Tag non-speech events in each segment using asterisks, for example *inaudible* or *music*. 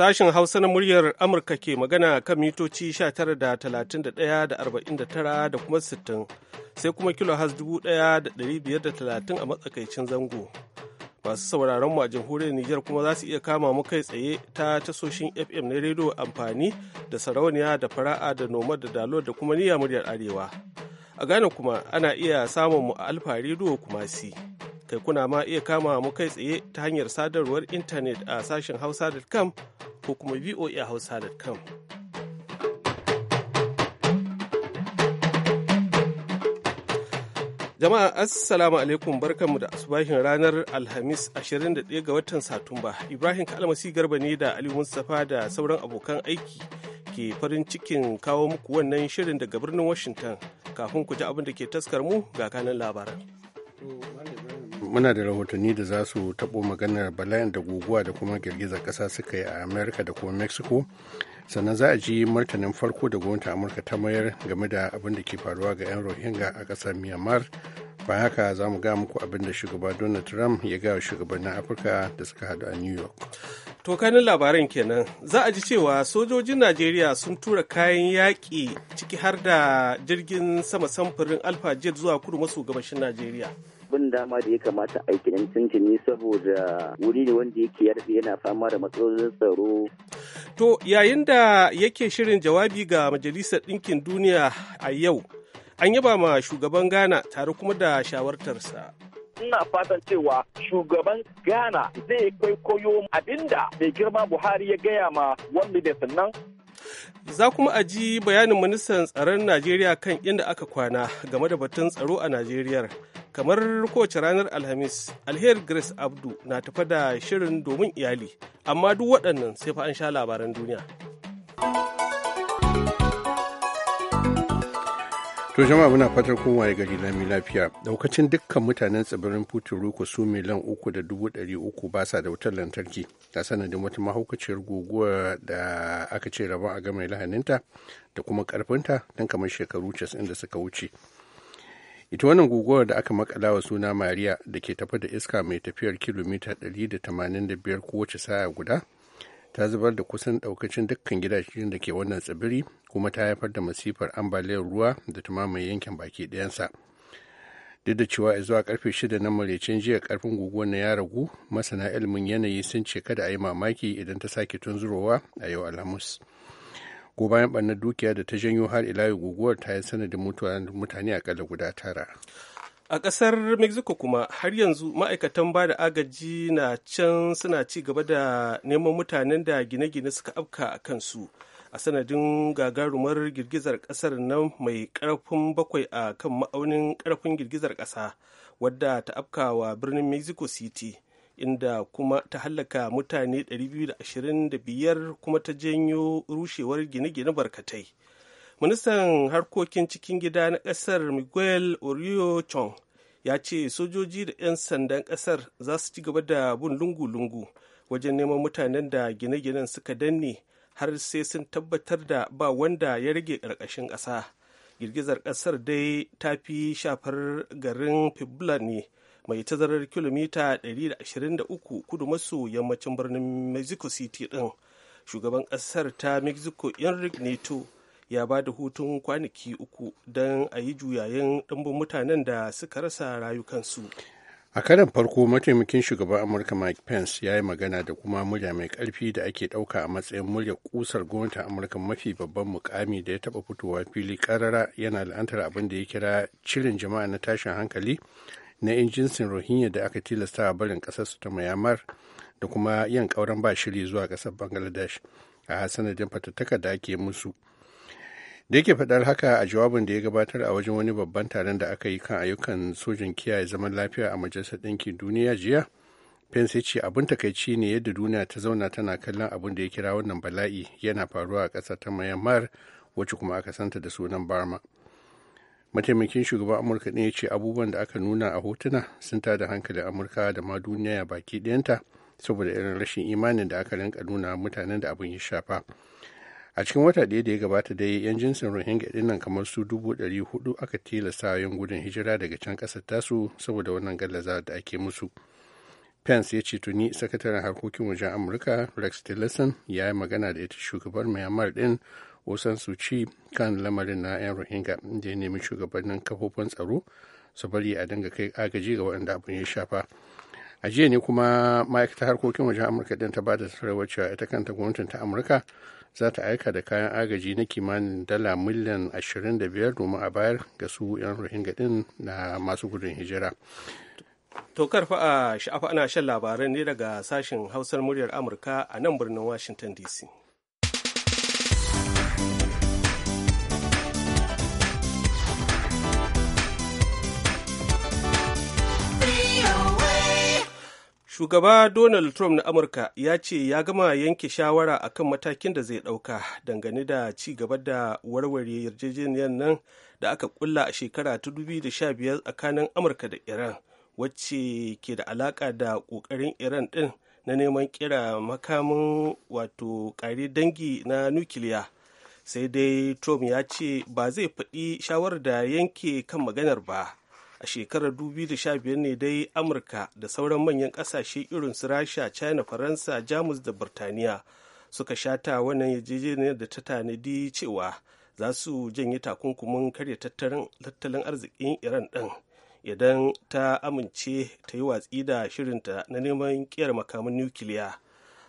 Sashen Hausa na muryar Amurka ke magana kan mitoci 19 da 31 da 49 da kuma 60 sai kuma kilo has 1530 a matsakaicin zango. Masu sauraron mu a jamhuriyar Nijar kuma za su iya kama mu kai tsaye ta tasoshin FM na rediyo amfani da sarauniya da fara'a da noma da dalo da kuma niyya muryar Arewa. A Ghana kuma ana iya samun mu a Alfa Rediyo Kumasi. kai kuna ma iya kama mu kai tsaye ta hanyar sadarwar intanet a sashen hausa.com ko kuma voa hausa.com jama'a assalamu alaikum barkanmu da asubahin ranar alhamis 21 ga watan satumba ibrahim kalmasi garba ne da ali mustapha da sauran abokan aiki ke farin cikin kawo muku wannan shirin daga birnin washington kafin ku ji abin da ke taskar mu ga kanan labaran muna da rahotanni da za su taɓo maganar bala'in da guguwa da kuma girgizar ƙasa suka yi a amurka da kuma mexico sannan za a ji martanin farko da gwamnati amurka ta mayar game da abin da ke faruwa ga 'yan rohingya a ƙasar myanmar ba haka za mu ga muku abin da shugaba donald trump ya ga shugabannin afirka da suka hadu a new york to kanin labaran kenan za a ji cewa sojojin najeriya sun tura kayan yaƙi ciki har da jirgin sama samfurin alfa jet zuwa kudu maso gabashin najeriya abin dama da ya kamata a yi tuntuni saboda wuri ne wanda yake yarfi yana fama da matsalolin tsaro. To yayin da yake shirin jawabi ga Majalisar Ɗinkin Duniya a yau, an yaba ma shugaban Ghana tare kuma da shawartarsa. ina fatan cewa shugaban ghana zai koyo abinda mai girma buhari ya gaya ma wanda da sannan za kuma a ji bayanin ministan tsaron najeriya kan inda aka kwana game da batun tsaro a najeriya kamar kowace ranar alhamis alheri grace abdu na tafa da shirin domin iyali amma duk waɗannan sai fa an sha labaran duniya to jama'a muna fatar kowa ya gari lami lafiya daukacin dukkan mutanen tsibirin putin su miliyan uku da dubu ɗari uku ba sa da wutar lantarki ta sanadin wata mahaukaciyar guguwa da aka ce rabon a ga mai lahaninta da kuma karfinta don kamar shekaru 60 da suka wuce ita wannan guguwar da aka makala wa suna maria da ke tafi da iska mai tafiyar kilomita 185 kowace saya guda ta zubar da kusan daukacin dukkan gidajen da ke wannan tsibiri kuma ta haifar da masifar ambaliyar ruwa da ta mamaye yankin baki ɗayansa duk da cewa zuwa karfe shida na maraicin jiya karfin guguwar na ya ragu masana ilimin yanayi sun ce kada a yi mamaki idan ta sake tunzurowa a yau alhamis ko bayan barnar dukiya da ta janyo har ila guguwar ta yi sanadin mutuwar mutane a akalla guda tara a kasar mexico kuma har yanzu ma'aikatan ba da agaji na can suna ci gaba da neman mutanen da gine-gine suka afka a kansu a sanadin gagarumar girgizar kasar nan mai karfin bakwai a kan ma'aunin karfin girgizar kasa wadda ta afka wa birnin mexico city inda kuma ta hallaka mutane 225 kuma ta janyo rushewar gine-gine barkatai ministan harkokin cikin gida na ƙasar miguel orio chong ya ce sojoji da 'yan sandan ƙasar za su ci gaba da bin lungu-lungu wajen neman mutanen da gine-ginen suka danne har sai sun tabbatar da ba wanda ya rage ƙarƙashin ƙasa girgizar ƙasar dai ta fi shafar garin fibla ne mai tazarar kilomita 123 kudu maso yammacin birnin mexico city din shugaban ƙasar ta mexico enrique neto ya ba da hutun kwanaki uku don a yi juyayen ɗumbin mutanen da suka rasa rayukansu a karan farko mataimakin shugaban amurka mike pence ya yi magana da kuma murya mai karfi da ake ɗauka a matsayin murya kusar gwamnatin amurka mafi babban mukami da ya taɓa fitowa fili karara yana la'antar abin da ya kira cirin jama'a na tashin hankali na 'yan jinsin rohingya da aka tilasta a barin ƙasarsu ta myanmar da kuma yan kauren ba shiri zuwa ƙasar bangladesh a sanadin fatattaka da ake musu da yake faɗar haka a jawabin da ya gabatar a wajen wani babban taron da aka yi kan ayyukan sojin kiyaye zaman lafiya a majalisar ɗinkin duniya jiya pence ce abin takaici ne yadda duniya ta zauna tana kallon abin da ya kira wannan bala'i yana faruwa a ƙasar ta myanmar wacce kuma aka santa da sunan barma mataimakin shugaban amurka ne ya ce abubuwan da aka nuna a hotuna sun tada hankalin amurka da ma duniya baki ɗayanta saboda irin rashin imanin da aka rinka nuna mutanen da abin ya shafa a cikin wata ɗaya da ya gabata dai yan jinsin rohingya dinnan kamar su dubu ɗari hudu aka tilasta yan gudun hijira daga can ƙasar tasu saboda wannan gallaza da ake musu pence ya ce tuni sakataren harkokin wajen amurka rex tillerson ya yi magana da ita shugabar myanmar ɗin wasan su ci kan lamarin na 'yan rohingya da ya nemi shugabannin kafofin tsaro su bari a dinga kai agaji ga waɗanda abin ya shafa a jiya ne kuma ma'aikatar harkokin wajen amurka din ta bada da cewa ita kanta gwamnatin ta amurka za ta aika da kayan agaji na kimanin dala miliyan 25 domin a bayar ga su 'yan rohingya din na masu gudun hijira To karfa a sha'afa ana shan labaran ne daga sashen hausar muryar Amurka a nan birnin Washington DC. shugaba donald trump na amurka ya ce ya gama yanke shawara a kan matakin da zai ɗauka dangane da ci gaba da warware yarjejeniyar nan da aka kulla a shekara ta 2015 tsakanin amurka da iran wacce ke da alaka da ƙoƙarin iran ɗin na neman kira makamin wato ƙare dangi na nukiliya sai dai trump ya ce ba zai faɗi shawarar da yanke kan maganar ba a shekarar 2015 ne dai amurka da sauran manyan ƙasashe irin su rasha china faransa jamus da birtaniya suka shata wannan yarjejeniyar da ta tanadi cewa za su janye takunkumin karya tattalin arzikin iran ɗin idan ta amince ta yi watsi da shirinta na neman ƙera makamin nukiliya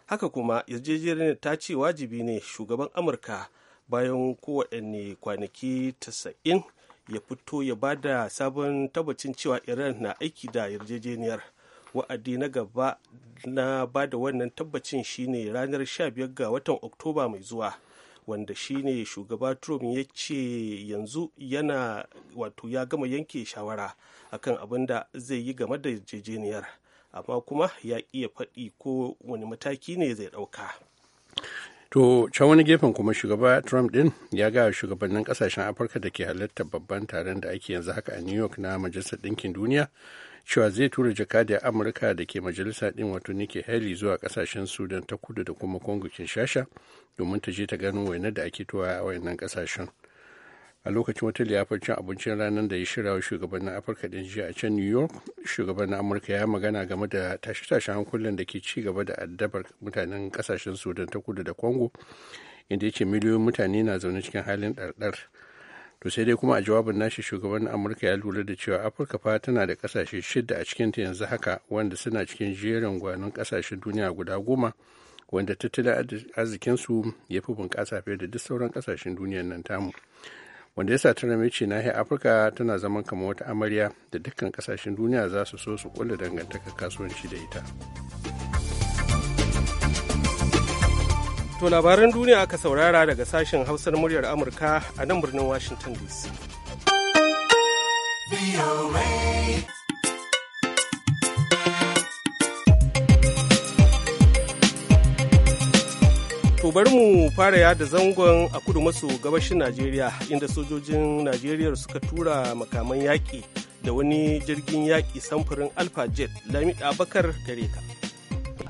haka kuma yarjejeniyar ta ce wajibi ne shugaban amurka bayan kowaɗanne kwanaki 90 ya fito ya ba da sabon tabbacin cewa iran na aiki da yarjejeniyar wa'adi na gaba na ba da wannan tabbacin shine ranar 15 ga watan oktoba mai zuwa wanda shine shugaba trump ya ce yanzu yana wato ya gama yanke shawara akan abin da zai yi game da yarjejeniyar amma kuma ya iya faɗi ko wani mataki ne zai ɗauka To, can wani gefen kuma shugaba Trump din ya ga shugabannin kasashen Afirka da ke halartar babban taron da ake yanzu haka a New York na Majalisar Ɗinkin Duniya cewa zai tura jakadiyar Amurka da ke majalisa ɗin wato Nikki Haley zuwa kasashen Sudan ta kudu da kuma Congo Kinshasa domin ta je ta gano wainar da ake towa a wayannan kasashen. a lokacin wata liyafar cin abincin ranar da ya shirya wa shugabannin afirka din jiya a can new york shugaban na amurka ya magana game da tashe-tashen hankulan da ke ci gaba da addabar mutanen kasashen sudan ta kudu da congo inda ya ce miliyoyin mutane na zaune cikin halin ɗarɗar to sai dai kuma a jawabin nashi shugaban amurka ya lura da cewa afirka fa tana da kasashe shida a cikin ta yanzu haka wanda suna cikin jerin gwanon kasashen duniya guda goma wanda tattalin arzikinsu ya fi bunƙasa fiye da duk sauran kasashen duniyar nan tamu wanda yasa ta rame ce nahiyar afirka tana zaman kamar wata amarya da dukkan kasashen duniya za su so su kula dangantaka kasuwanci da ita to labaran duniya aka saurara daga sashen hausar muryar amurka a nan birnin washington dc To bari mu fara yada zangon a kudu maso gabashin Najeriya inda sojojin Najeriya suka tura makaman yaƙi da wani jirgin yaƙi samfurin Alpha Jet Lami Abakar gare ka.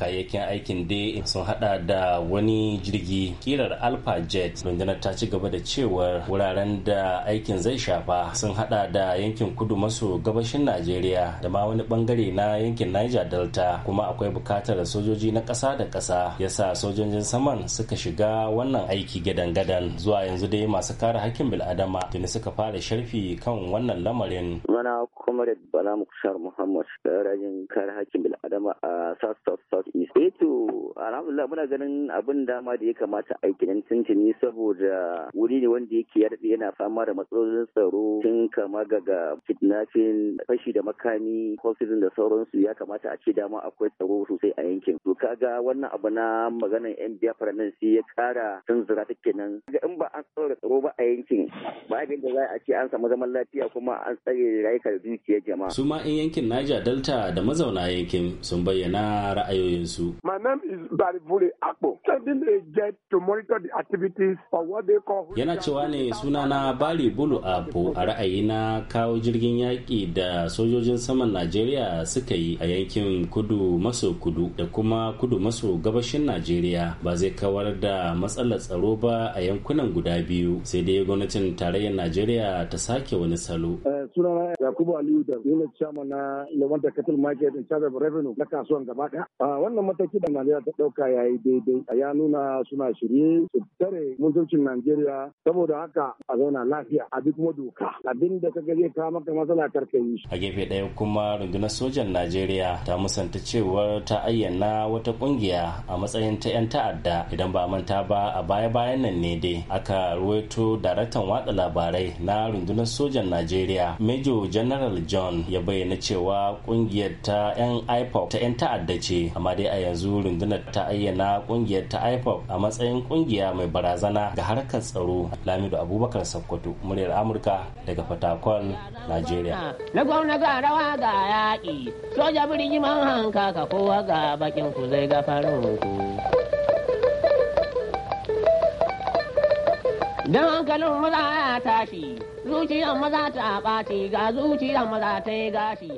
kayayyakin aikin dai sun hada da wani jirgi kirar alpha jet rundunar ta ci gaba da cewar wuraren da aikin zai shafa sun hada da yankin kudu maso gabashin najeriya da ma wani bangare na yankin niger delta kuma akwai bukatar sojoji na kasa da kasa yasa sojojin saman suka shiga wannan aiki gadan-gadan zuwa yanzu dai masu kare hakkin bil'adama tuni suka fara sharfi kan wannan lamarin. Mana kuma Bala Mukhtar Muhammad rajin kare hakkin bil'adama a South South East. Eh to alhamdulillah muna ganin abin dama da ya kamata a gidan tuntuni saboda wuri ne wanda yake ya daɗe yana fama da matsalolin tsaro tun kama ga kidnapping fashi da makami hospital da sauransu ya kamata a ce dama akwai tsaro sosai a yankin. To kaga wannan abu na maganar yan biyafra nan sai ya kara tun zira ta kenan. Ga in ba an tsaro tsaro ba a yankin ba abin da za a ce an samu zaman lafiya kuma an tsare rayukan dukiyar jama'a. Su ma 'yan yankin Niger Delta da mazauna yankin sun bayyana ra'ayi yanzu. My name is Barivule Akpo, sending a jet to monitor the activities of what they call. Yana cewa ne sunana Bari Bulu Akpo a ra'ayi na kawo jirgin yaƙi da sojojin saman Najeriya suka yi a yankin kudu maso kudu da kuma kudu maso gabashin Najeriya ba zai kawar da matsalar tsaro ba a yankunan guda biyu sai dai gwamnatin tarayyar Najeriya ta sake wani salo. Eh, sunana Yakubu Aliyu da Yunan Chama na Lewanta Capital Market in Charge of Revenue na kasuwan gaba ɗaya. Ah, wannan mataki da Najeriya ta ɗauka ya yi daidai ya nuna suna shirye su tare mutuncin Najeriya saboda haka a zauna lafiya a duk kuma doka abin da kaga zai kawo maka matsala karka yi A gefe ɗaya kuma rundunar sojan Najeriya ta musanta cewa ta ayyana wata ƙungiya a matsayin ta 'yan ta'adda idan ba manta ba a baya-bayan nan ne dai aka ruwaito daraktan watsa labarai na rundunar sojan Najeriya Major General John ya bayyana cewa ƙungiyar ta 'yan IPOP ta 'yan ta'adda ce amma dai a yanzu rundunar ta ayyana kungiyar ta ipop a matsayin kungiya mai barazana ga harkar tsaro lamido abubakar sokoto muryar amurka daga fatakon nigeria na gwamna ga rawa ga yaƙi soja birni man hanka ka kowa ga bakin ku zai gafarin ku Don hankalin maza ya tashi, zuciyar maza ta ɓaci ga zuciyar maza ta yi gashi.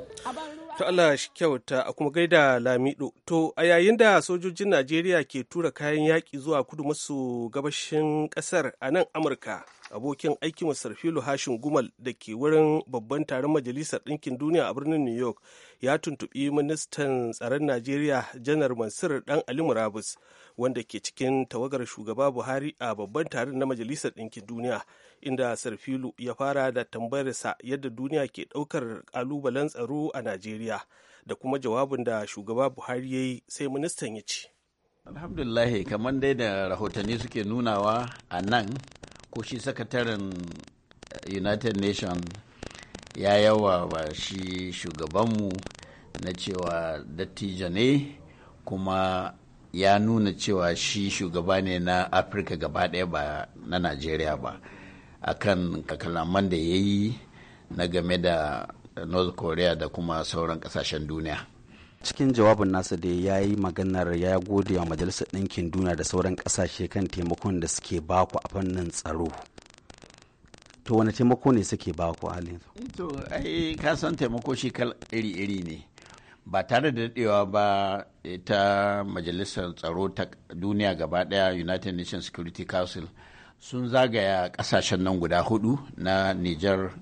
Ta Allah shi kyauta a kuma gaida Lamido. To a yayin da sojojin Najeriya ke tura kayan yaƙi zuwa kudu maso gabashin ƙasar a nan Amurka. abokin aikin sarfilu hashin gumal da ke wurin babban taron majalisar ɗinkin duniya a birnin new york ya tuntuɓi ministan tsaron najeriya janar mansur dan ali murabus wanda ke cikin tawagar shugaba buhari a babban taron na majalisar ɗinkin duniya inda sarfilu ya fara da tambayarsa yadda duniya ke ɗaukar ƙalubalen tsaro a najeriya da kuma jawabin da shugaba buhari ya yi sai ministan ya ce alhamdulillah kamar dai da rahotanni suke nunawa a nan ko shi sakataren eh, united nations ya yawa ba shi shugabanmu na cewa dattijo ne kuma ya nuna cewa shi shugaba ne na afirka gaba ɗaya ba na nigeria ba akan kakalaman da ya yi na game da north korea da kuma sauran ƙasashen duniya cikin jawabin nasa da ya yi maganar ya gode wa majalisar ɗinkin duniya da sauran ƙasashe kan taimakon da suke baku a fannin tsaro to wani taimako ne suke baku halin eh, to ai ka san taimako shi kal iri-iri ne ba tare da daɗewa ba ta majalisar tsaro ta duniya gaba ɗaya united nations security council sun zagaya ƙasashen nan guda hudu na niger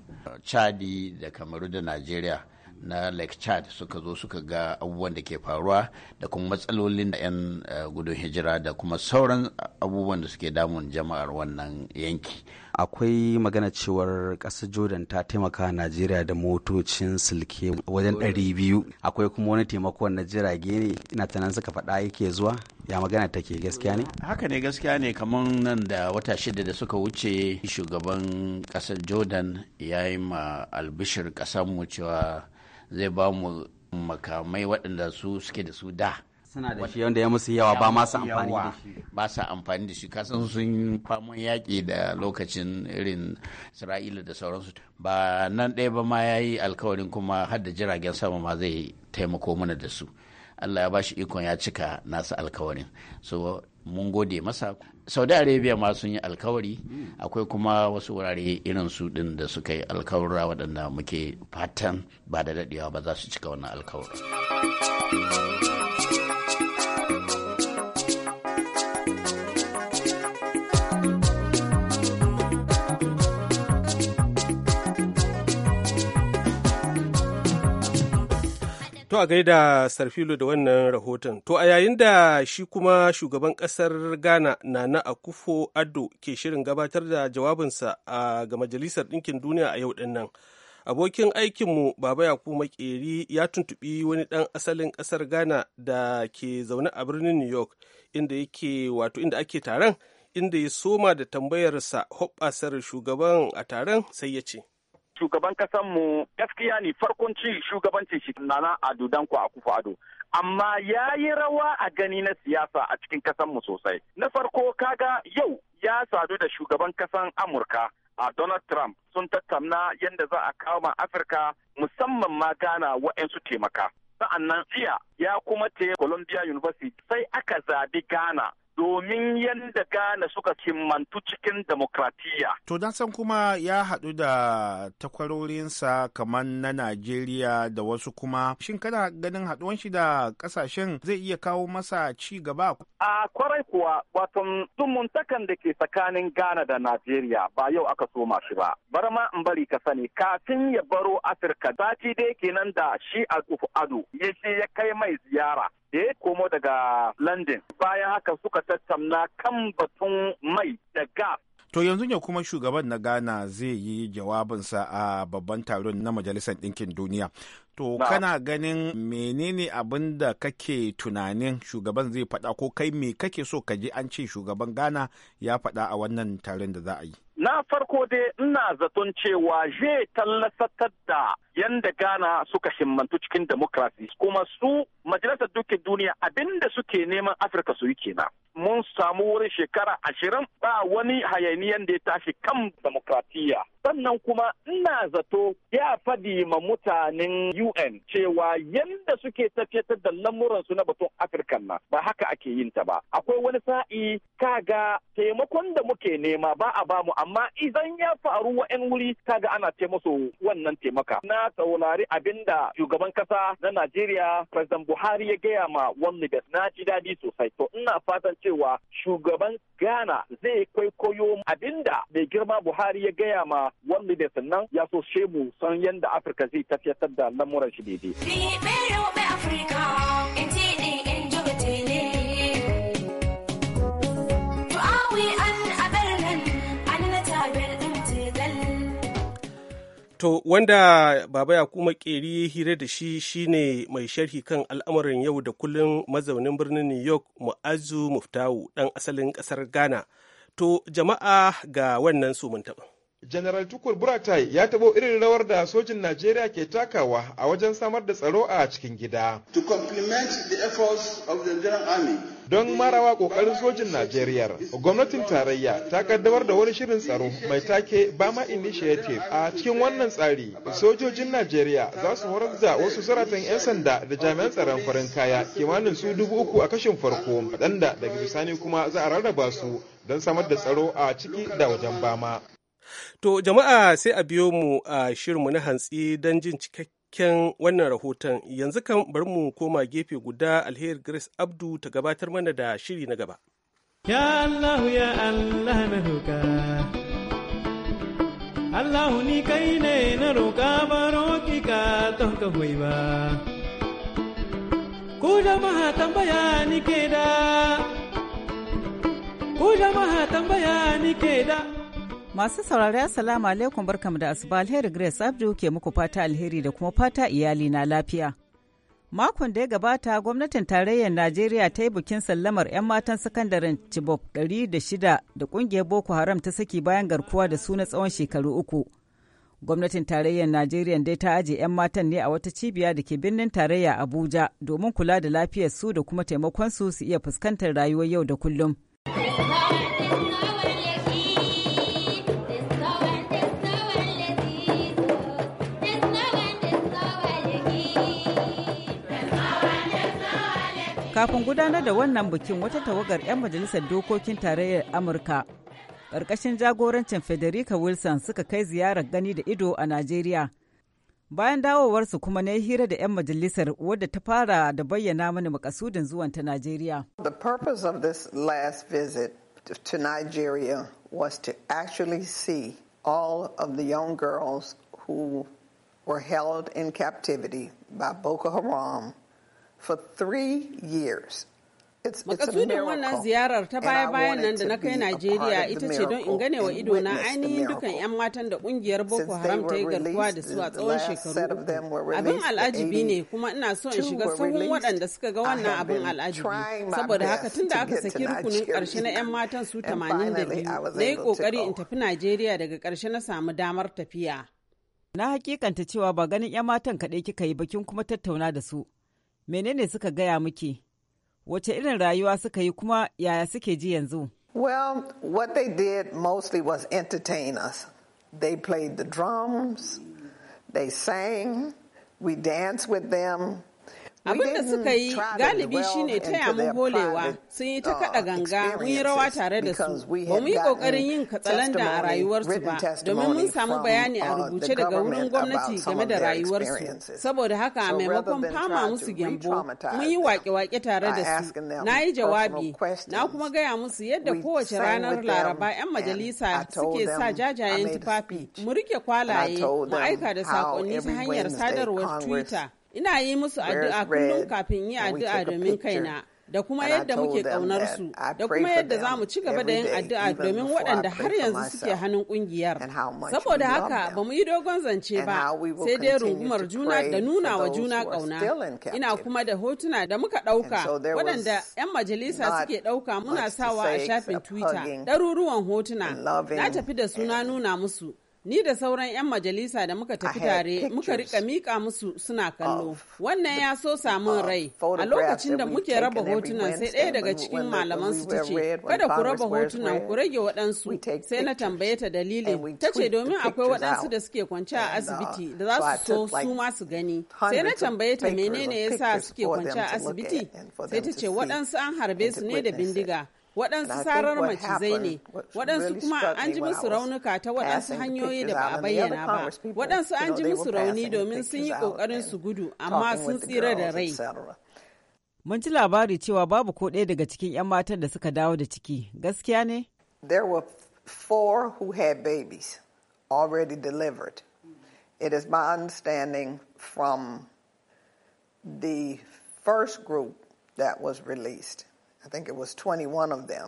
chadi da kamaru da nigeria na lake chad suka zo suka ga abubuwan da ke faruwa da kuma matsalolin da 'yan eh, gudun hijira da kuma sauran abubuwan da suke damun jama'ar wannan yanki akwai magana cewar ƙasar jordan ta taimaka najeriya da motocin silke wajen 200 akwai kuma wani taimakon na jirage ne ina tunan suka faɗa yake zuwa ya magana take gaskiya ne haka ne gaskiya ne kamar nan da wata shida da suka wuce shugaban ƙasar jordan ya yi ma albishir ƙasarmu cewa zai ba mu makamai waɗanda su suke da su da suna da shi wanda ya musu yawa ba masu amfani da shi ba sa amfani da shi kasan sun famon yaƙi da lokacin irin isra'ila da sauransu ba nan ɗaya ba ma ya yi alkawarin kuma har da jiragen sama ma zai taimako mana da su allah ya ba shi ikon ya cika nasu alkawarin so mun gode masa saudi arabia ma sun yi alkawari akwai kuma wasu wurare irin su din da suka yi alkawura waɗanda muke fatan ba da daɗewa ba za su cika wannan alkawarin To a gaida Sarfilo da wannan rahoton. To a yayin da shi kuma shugaban ƙasar Ghana Nana Akufo Addo ke shirin gabatar da jawabinsa ga Majalisar Ɗinkin Duniya a yau ɗin nan. Abokin aikinmu Baba kuma Makeri ya tuntuɓi wani ɗan asalin ƙasar Ghana da ke zaune a birnin New York inda yake wato inda ake taron inda ya soma da tambayarsa hoɓɓasar shugaban a taron sai ya ce. shugaban mu gaskiya ne farkon ci shugabancin shi nana ado ku a kufa ado amma ya yi rawa a gani na siyasa a cikin mu sosai na farko kaga yau ya sadu da shugaban kasan amurka a donald trump sun tattauna yadda za a kawo ma afirka musamman ma gana waɗansu taimaka sa'annan jiya ya kuma te columbia university sai aka zabi ghana domin yadda Ghana suka kimantu cikin demokratiya. To na san kuma ya haɗu da takwarorinsa kamar na Najeriya da wasu kuma. Shin kana ganin haɗuwan shi da ƙasashen zai iya kawo masa ci gaba? A kwarai kuwa wato zumuntakan da ke tsakanin Ghana da Najeriya ba yau aka soma shi ba. Bar ma in bari ka sani kafin ya baro Afirka sati dai kenan da shi Ado ya ce ya kai mai ziyara da komo daga London. Bayan haka suka tattauna kan batun mai da gas. To yanzu ne kuma shugaban na Ghana zai yi jawabinsa a babban taron na Majalisar Ɗinkin Duniya. To kana ganin menene abin da kake tunanin shugaban zai faɗa ko kai me kake so ka ji an ce shugaban Ghana ya faɗa a wannan taron da za a yi? Na farko dai ina zaton cewa zai tallasatar da yanda Ghana suka himmantu cikin demokrasi kuma su majalisar dukkan duniya abinda suke neman Afirka su yi kenan. Mun samu wurin shekara ashirin ba wani hayaniyan da ya tashi kan demokratiya. Sannan kuma ina zato ya fadi ma mutanen UN cewa yanda suke tafiyatar da lamuransu na batun Afirka na. ba haka ake yin ta ba. Akwai wani sa'i kaga taimakon da muke nema ba a bamu amma amma idan ya faru wa'yan wuri ga ana ce musu wannan taimaka na saurari abin da shugaban kasa na Najeriya President Buhari ya gaya ma wani da na ji daɗi sosai to ina fatan cewa shugaban Ghana zai kwaikwayo abin da mai girma Buhari ya gaya ma wani da sannan ya so mu san yadda Afirka zai tafiyar da lamuran shi daidai. To, wanda Baba ya kuma hira da shi shine mai sharhi kan al'amarin yau da kullun mazaunin birnin New York Mu'azu Muftawu, ɗan asalin ƙasar Ghana. To, jama'a ga wannan su General Tukur Buratai ya tabo irin rawar da sojin Najeriya ke takawa a wajen samar da tsaro a cikin gida. don marawa kokarin sojin Najeriya. Gwamnatin tarayya ta kaddamar da wani shirin tsaro mai take Bama Initiative. A cikin wannan tsari, sojojin Najeriya za su horar da wasu saratan 'yan sanda da jami'an tsaron farin kaya kimanin su dubu uku a kashin farko, waɗanda daga bisani kuma za a rarraba su don samar da tsaro a ciki da wajen Bama. To jama'a sai a biyo mu a shirinmu na hantsi don jin cikakken wannan rahoton yanzu kan bar mu koma gefe guda alheri Grace Abdu ta gabatar mana da shiri na gaba. Ya Allah ya Allah na roƙa. Allah ni kai ne na roƙa ba, roƙi ka ton ka ba. Ku jama'a tambaya ni ke da. Ku jama'a tambaya ni ke da. Masu saurari Assalamu alaikum barkamu da asuba alheri Grace Abdu ke muku fata alheri da kuma fata iyali na lafiya. Makon da ya gabata gwamnatin tarayyar Najeriya ta yi bikin sallamar 'yan matan sakandaren Chibok 106 da shida, da kungiyar Boko Haram ta saki bayan garkuwa da su na tsawon shekaru uku. Gwamnatin tarayyar Najeriya dai ta ajiye 'yan matan ne a wata cibiya da ke birnin tarayya Abuja domin kula da lafiyar su da kuma taimakon su su iya fuskantar rayuwar yau da kullum. kafin gudanar da wannan bikin wata tawagar 'yan majalisar dokokin tarayyar amurka ƙarƙashin jagorancin federica wilson suka kai ziyarar gani da ido a najeriya bayan dawowarsu kuma na yi hira da 'yan majalisar wadda ta fara da bayyana mani makasudin zuwan ta najeriya the this last visit to was to actually see all of the young girls who were held in captivity by boko haram for three years. da wannan ziyarar ta baya-bayan nan da na kai Najeriya ita ce don in gane wa ido na ainihin dukan 'yan matan da kungiyar Boko Haram ta yi garkuwa da su a tsawon shekaru. Abin al'ajibi ne kuma ina so in shiga sahun waɗanda suka ga wannan abin al'ajibi. Saboda haka tun da aka saki rukunin ƙarshe na 'yan matan su 82 na yi ƙoƙari in tafi Najeriya daga ƙarshe na samu damar tafiya. Na hakikanta cewa ba ganin 'yan matan kaɗai kika yi bakin kuma tattauna da su. menene suka gaya miki wace irin rayuwa suka yi kuma yaya suke ji yanzu well what they did mostly was entertain us they played the drums they sang we danced with them abin da suka yi galibi shine taya mu holewa sun yi ta uh, kada ganga mun yi rawa tare da su ba mu yi kokarin yin katsalanda a rayuwarsu ba domin mun samu bayani a uh, rubuce daga wurin gwamnati game da rayuwarsu saboda haka a maimakon fama musu gyambo mun yi wake-wake tare da su na yi jawabi na kuma gaya musu yadda kowace ranar laraba 'yan majalisa suke sa jajayen tufafi mu rike kwalaye mu aika da saƙonni ta hanyar sadarwar twitter Ina yi musu addu'a kullum kafin yi addu'a domin kaina. da kuma yadda muke kaunar su da kuma yadda za mu ci gaba da yin addu'a domin waɗanda har yanzu suke hannun kungiyar saboda haka ba mu yi dogon zance ba sai dai rungumar juna da nuna wa juna ƙauna ina kuma da hotuna da muka ɗauka waɗanda 'yan majalisa suke ɗauka muna sawa a shafin twitter ɗaruruwan hotuna na tafi da suna nuna musu Ni da sauran 'yan majalisa da muka tafi tare muka rika mika musu suna kallo. Wannan ya so samun uh, rai. A lokacin da muke raba hotunan sai ɗaya daga cikin malaman su ta ce, kada ku raba hotunan ku rage waɗansu sai na tambaye ta dalilin. Ta ce domin akwai waɗansu da suke kwance a uh, asibiti da za su so su ma su gani. Sai na tambaye ta menene ya sa suke kwance a asibiti? Sai ta ce waɗansu an harbe su ne da bindiga. waɗansu sarar ne waɗansu kuma an ji musu raunuka ta waɗansu hanyoyi da ba a bayyana ba waɗansu an ji musu rauni domin sun yi ƙoƙarin su gudu amma sun tsira da rai mun ji labari cewa babu ko ɗaya daga cikin 'yan matan da suka dawo da ciki gaskiya ne there were four who had babies already delivered it is my understanding from the first group that was released I think it was 21 of them.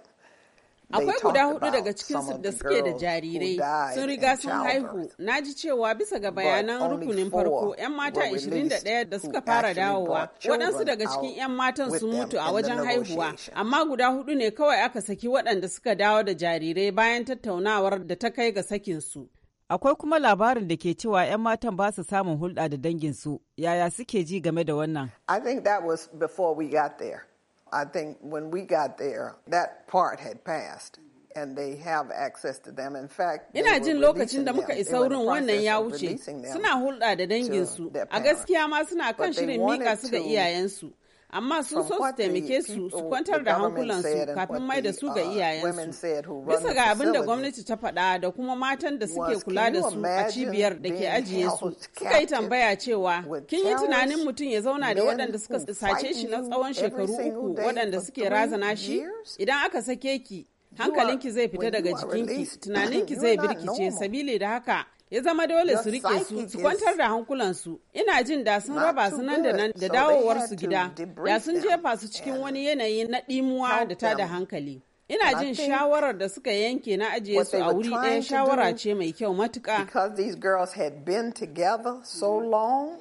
Akwai guda hudu daga cikinsu da suke da jarirai sun riga sun haihu. Na ji cewa bisa ga bayanan rukunin farko, 'yan mata 21 da suka fara dawowa, waɗansu daga cikin 'yan matan sun mutu a wajen haihuwa, amma guda hudu ne kawai aka saki waɗanda suka dawo da jarirai bayan tattaunawar da ta kai ga sakinsu. Akwai kuma labarin da ke cewa 'yan matan ba su samun hulɗa da danginsu, yaya suke ji game da wannan? I think that was before we got there. I think when we got there, that part had passed. and they have access to them. In fact, ina jin lokacin da muka isa wurin wannan ya wuce suna hulɗa da danginsu a gaskiya ma suna kan shirin mika su ga iyayensu amma sun so su taimake su su kwantar da hankulansu kafin mai da su ga uh, iyayensu bisa ga abin da gwamnati ta faɗa da kuma matan da suke kula da su a cibiyar da ke ajiye su suka yi tambaya cewa kin yi tunanin mutum ya zauna da waɗanda suka sace shi na tsawon shekaru uku waɗanda suke razana shi idan aka sake ki hankalinki zai fita daga jikinki tunaninki *laughs* zai birkice sabili da haka ya zama dole su rike su su kwantar da hankulansu ina jin da sun raba su nan da nan da dawowar su gida da sun jefa su cikin wani yanayi na dimuwa da ta da hankali ina jin shawarar da suka yanke na ajiye su a wuri ɗaya shawara ce mai kyau matuka because these girls had been so mm-hmm. long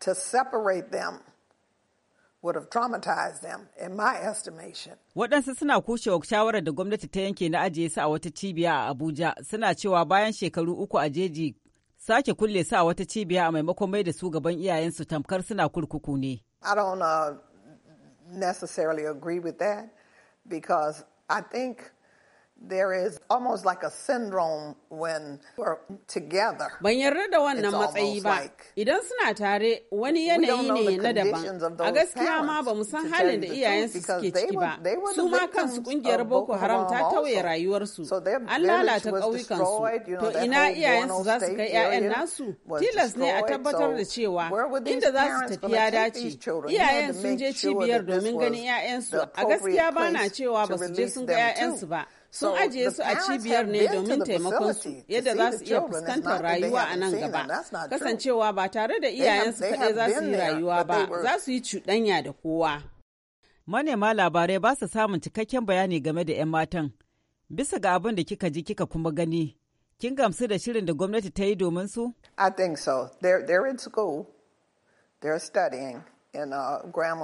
to separate them would have traumatized them, in my estimation. Waɗansu suna kushewa shawarar da gwamnati ta yanke na ajiye su a wata cibiya a Abuja, suna cewa bayan shekaru uku a jeji sake kulle su a wata cibiya a maimakon mai da su gaban iyayensu tamkar suna kurkuku ne. I don't uh, necessarily agree with that because I think there is almost like a syndrome when we're together. Ban yarda da wannan matsayi ba. Idan suna tare wani yanayi ne na daban. A gaskiya ma ba mu san halin da iyayensu suke ciki ba. Su ma kansu kungiyar Boko Haram ta tauye rayuwarsu. An lalata ƙauyukansu. To ina iyayensu za su kai 'ya'yan nasu? Tilas ne a tabbatar da cewa inda za su tafi ya dace. Iyayen sun je cibiyar domin ganin 'ya'yansu. A gaskiya ba na cewa ba su je sun ga 'ya'yansu ba. sun ajiye su a cibiyar ne domin taimakon su yadda za su iya fuskantar rayuwa a nan gaba kasancewa ba tare da iyayensu kaɗai za su yi rayuwa ba za su yi cuɗanya da kowa manema labarai ba su samun cikakken bayani game da 'yan matan bisa ga abin da kika ji kika kuma gani kin gamsu da shirin da gwamnati ta yi domin su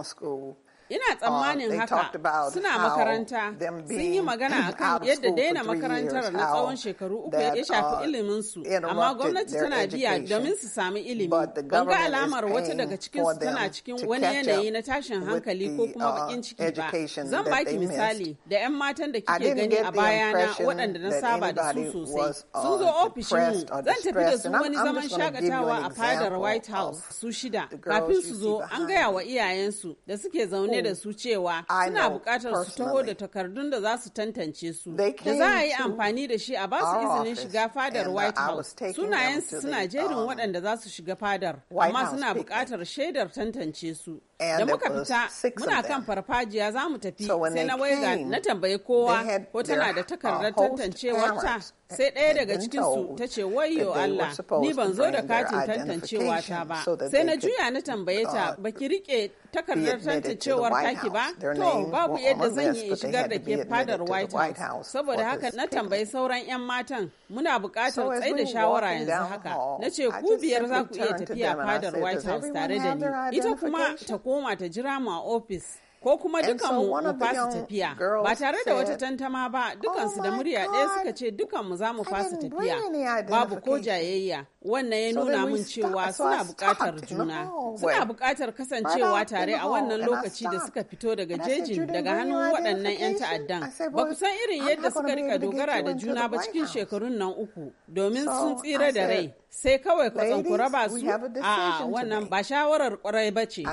so Ina uh, tsammanin haka suna makaranta sun yi magana akan yadda daina makarantar na tsawon shekaru uku ya shafi uh, su amma gwamnati tana biya domin su sami ilimi. Ban ga alamar wata daga cikinsu tana cikin wani yanayi na tashin hankali ko kuma uh, bakin ciki ba. Zan baki misali da 'yan matan da kike gani a bayana waɗanda na saba da su sosai. Sun zo ofishinmu zan tafi da su wani zaman shagatawa a fadar White House su shida kafin su zo an gaya wa iyayensu da suke zaune sane da su cewa suna buƙatar su taho da takardun da za su tantance su da za a yi amfani da shi a ba su izinin shiga fadar White House. Sunayensu suna jerin um, waɗanda za su shiga fadar, amma suna bukatar shaidar tantance su. da muka fita muna kan farfajiya za mu tafi sai na waiga na tambayi kowa ko tana da uh, takardar tantancewarta sai ɗaya daga cikinsu ta ce wayo Allah ni ban zo da katin tantancewa ta ba sai na juya na tambaye ta uh, baki rike takardar tantancewar taki ba to babu yadda zan yi shigar da ke fadar White House saboda haka na tambayi sauran 'yan matan muna bukatar tsaye da shawara yanzu haka na ce ku biyar za ku iya tafiya fadar White House tare da ni ita kuma ta koma ta jira mu a ofis. ko kuma dukanmu mu fasa tafiya ba tare da wata tantama ba oh dukansu da murya ɗaya suka ce dukanmu za mu fasa tafiya babu ko jayayya wannan ya nuna mun cewa suna buƙatar juna suna buƙatar kasancewa tare a wannan lokaci da suka fito daga jejin daga hannun waɗannan 'yan ta'addan ba ku san irin yadda suka rika dogara da juna ba cikin shekarun nan uku domin sun tsira da rai sai kawai ka tsankura ba su a ah, wannan ba shawarar kwarai ba ce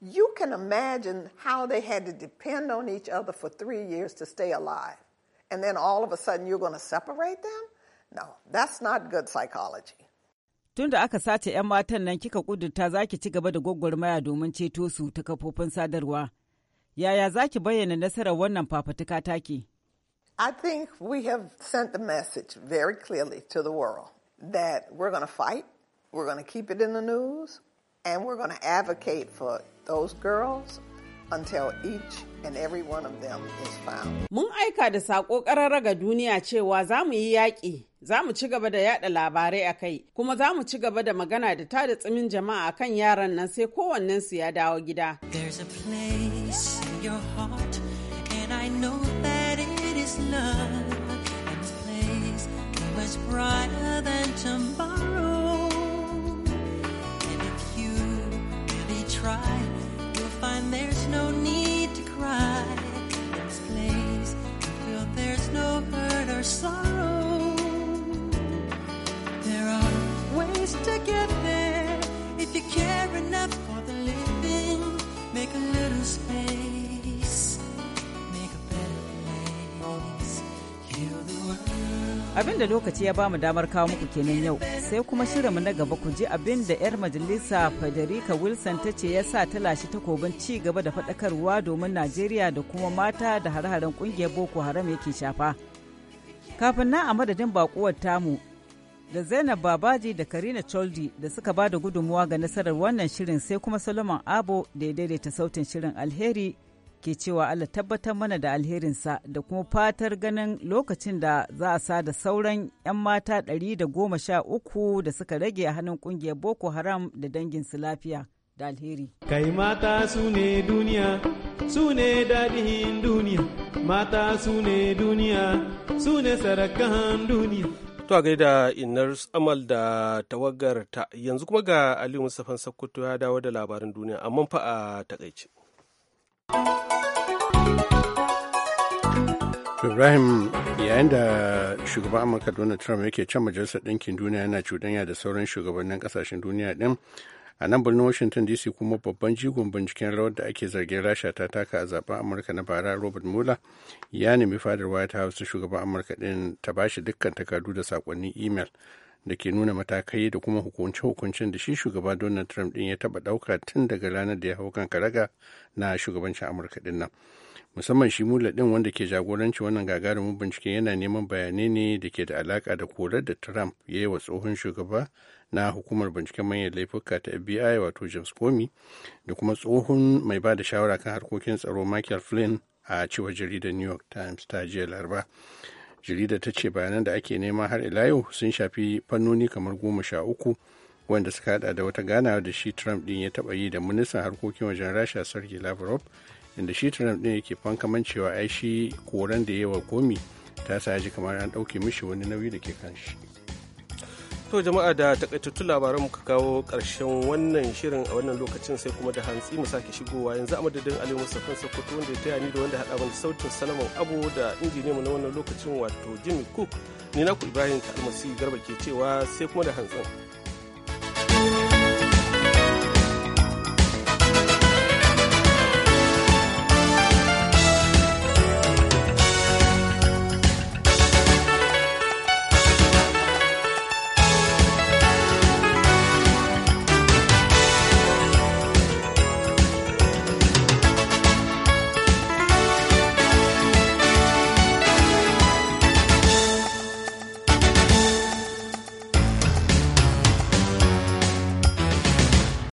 You can imagine how they had to depend on each other for three years to stay alive. And then all of a sudden you're going to separate them? No, that's not good psychology. Tun da aka sace 'yan matan nan kika kudurta za ki ci gaba da gwagwarmaya domin ceto su ta kafofin sadarwa. Yaya za ki bayyana nasarar wannan fafatuka taki. I think we have sent the message very clearly to the world that we're going to fight, we're going to keep it in the news, and we're going to advocate for those girls until each and every one of them is found. Mun aika da duniya cewa za mu yi yaƙi, za mu ci gaba da labarai a kai, kuma za mu ci gaba da magana da tada tsimin jama'a yaran nan sai ya dawo gida. There's a place in your heart and I know that it is love. And this place much brighter than tomorrow. try, you'll find there's no need to cry. This place, feel there's no hurt or sorrow. There are ways to get there if you care enough for the living. Make a little space. abin da lokaci ya bamu damar kawo muku kenan yau sai kuma shirin mu na gaba ku ji abin da 'yar majalisa federica wilson ta ce ya sa ta lashe takobin ci gaba da faɗakarwa domin najeriya da kuma mata da hare-haren ƙungiyar boko haram yake shafa kafin na a madadin baƙuwar tamu da zainab babaji da karina choldi da suka ba da gudunmuwa ga nasarar wannan shirin sai kuma solomon abo da ya daidaita sautin shirin alheri ke cewa Allah tabbatar mana da alherinsa da kuma fatar ganin lokacin da za a sa da sauran 'yan mata 113 da suka rage a hannun kungiyar Boko Haram da danginsu lafiya da alheri. Kai mata su ne duniya, su ne daɗin duniya, mata su ne duniya, su ne sarakan duniya. To a gaida Inar Amal da tawagar ta yanzu kuma ga Aliyu Mustapha Sokoto ya dawo da labarin duniya amma fa a takaice. Ibrahim yayin da shugaban Amurka Donald Trump yake can majalisar ɗinkin duniya yana cuɗanya da sauran shugabannin ƙasashen duniya ɗin a nan birnin Washington DC kuma babban jigon binciken rawar da ake zargin Rasha ta taka a zaben Amurka na bara Robert Mueller ya nemi fadar White House shugaban Amurka ɗin ta bashi dukkan takardu da sakonnin email da ke nuna matakai da kuma hukunce-hukuncen da shi shugaba donald trump din ya taba dauka tun daga ranar da ya hau kan karaga na shugabancin amurka din nan musamman shi mula din wanda ke jagoranci wannan gagarumin bincike yana neman bayanai ne da ke da alaka da korar da trump ya yi wa tsohon shugaba na hukumar binciken manyan laifuka ta fbi wato james comey da kuma tsohon mai ba da shawara kan harkokin tsaro michael flynn a cewar jaridar new york times ta jiya laraba jarida ta ce bayanan da ake nema har ila yau sun shafi fannoni kamar goma sha uku wanda suka hada da wata ganawa da shi trump din ya taba yi da ministan harkokin wajen rasha sarki lavrov inda shi trump din yake fankaman cewa ai shi koran da yawa komi ta sa ji kamar an dauke mishi wani nauyi da ke kan shi To jama'a da takaitattun labaran muka kawo karshen wannan shirin a wannan lokacin sai kuma da hantsi mu sake shigowa yanzu a madadin Aliyu Mustapha Sokoto wanda ya taya ni da wanda haɗa mana sautin Salaman Abu da mu na wannan lokacin wato Jimmy Cook ni ku Ibrahim Kalmasi Garba ke cewa sai kuma da hantsin.